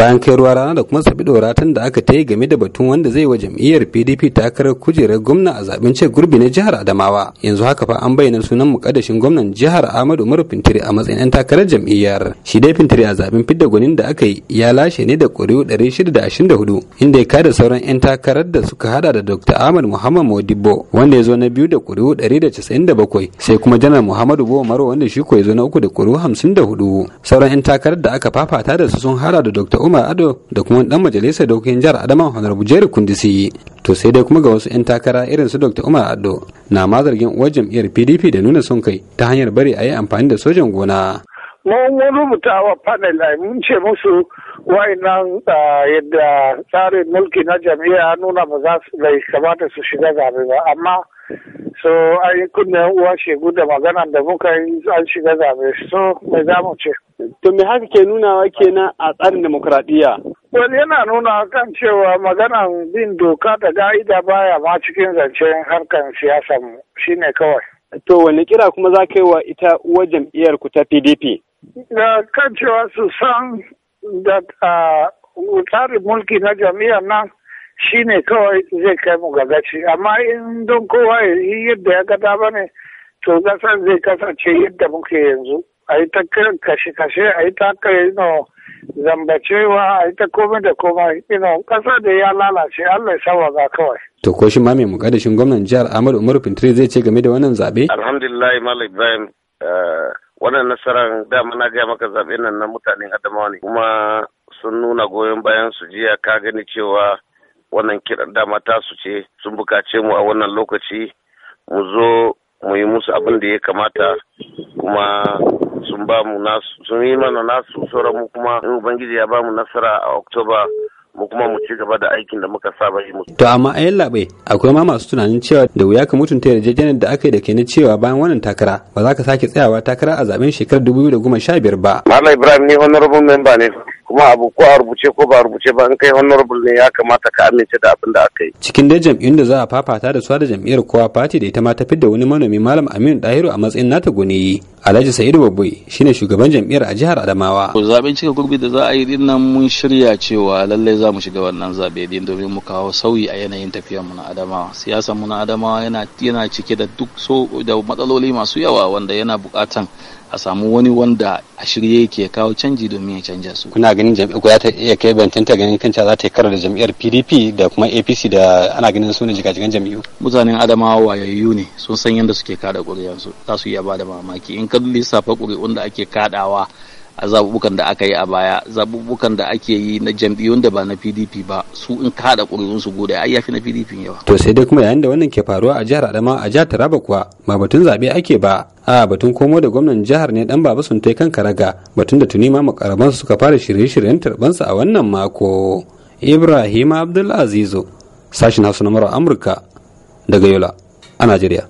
bayan kai ruwa rana da kuma sabi ratan da aka ta yi game da batun wanda zai wa jam'iyyar pdp takarar kujerar gwamna a zaben ce gurbi na jihar adamawa yanzu haka fa an bayyana sunan mukaddashin gwamnan jihar ahmadu umaru fintiri a matsayin yan takarar jam'iyyar shi dai fintiri a zaben fidda gwanin da aka yi ya lashe ne da ƙuri'u 624 inda ya kada sauran yan takarar da suka hada da dr ahmad muhammad modibo wanda ya zo na biyu da ƙuri'u 197 sai kuma janar muhammadu bo maro wanda shi ko ya zo na uku da ƙuri'u 54 sauran yan takarar da aka fafata da su sun hada da dr Umar Ado da kuma ɗan majalisar dokokin jihar Adama Honorable Jerry Kundisi to sai dai kuma ga wasu 'yan takara irin su Dr. Umar Ado na ma zargin uwar jam'iyyar PDP da nuna son kai ta hanyar bari a yi amfani da sojan gona. Mun rubuta wa panel mun ce musu wayannan yadda tsarin mulki na jam'iyya nuna ba za su bai kamata su shiga zabe ba amma so ai kunna uwa shegu da magana da muka yi an shiga zabe so mai za mu ce to me haka ke nunawa kenan a tsarin demokuraɗiyya? wani yana nuna kan cewa maganan bin doka da ga'ida baya ma cikin zancen harkar siyasar mu shine kawai to wani kira kuma za ka yi wa ita uwa jam'iyyar ku ta pdp da kan cewa su san da tsarin mulki na jam'iyyar nan shi ne kawai zai kai mu ga gaci amma in don kowa yadda ya gada ba ne to gasar zai kasance yadda muke yanzu a yi ta kiran kashe-kashe a yi ta kai no zambacewa a yi ta komai da komai ino kasa da ya lalace allah ya ga kawai to ko shi ma mai mukaddashin gwamnan jihar ahmad umar fintiri zai ce game da wannan zabe alhamdulillah malik ibrahim eh, wannan nasarar dama na gaya maka zabe nan na mutanen adamawa ne kuma sun nuna goyon bayan su jiya ka gani cewa wannan kiran dama su ce sun bukace mu a wannan lokaci mu zo mu yi musu abin da ya kamata kuma sun ba mu nasu sun yi mana nasu sauran mu kuma in ubangiji ya ba mu nasara a oktoba mu kuma mu ci gaba da aikin da muka saba yi musu. To amma a labe akwai ma masu tunanin cewa da wuya ka mutunta yarjejeniyar da aka yi da ke na cewa bayan wannan takara ba za ka sake tsayawa takara a zaben shekarar 2015 ba. Malam Ibrahim ne honorable member ne kuma abu ko a rubuce ko ba a rubuce ba in kai honorable ne ya kamata ka amince da abin da aka yi cikin dai jam'iyyun da za a fafata da su da jam'iyyar kowa fati da ita ma ta fidda wani manomi malam aminu dahiru a matsayin nata yi alhaji sa'idu shi shine shugaban jam'iyyar a jihar adamawa to zaben cika gurbi da za a yi din nan mun shirya cewa lallai za mu shiga wannan zabe din domin mu kawo sauyi a yanayin tafiyar mu na adamawa siyasar mu na adamawa yana yana cike da duk so da matsaloli masu yawa wanda yana bukatan a samu wani wanda a shirye yake kawo canji domin ya canja su kuna ganin jam'iyyar za ta iya kai ta ganin kanta za ta yi kara da jam'iyyar PDP da kuma APC da ana ganin su ne jigajigan jam'iyyu. Mutanen Adamawa wayayyu ne sun san yadda suke kada su za su iya bada mamaki in ka lissafa ƙuri'un da ake kadawa a zabubukan da aka yi a baya zabubukan da ake yi na jam'iyyun da ba na pdp ba su in kada ƙuri'un su gode ai yafi na pdp yawa to sai dai kuma yayin da wannan ke faruwa a jihar adama a jihar taraba kuwa ba batun zabe ake ba a batun komo da gwamnan jihar ne dan baba sun tai kan karaga batun da tuni ma makarabansu suka fara shirye-shiryen tarbansu a wannan mako ibrahim abdulazizu sashin hausa na amurka daga yola a najeriya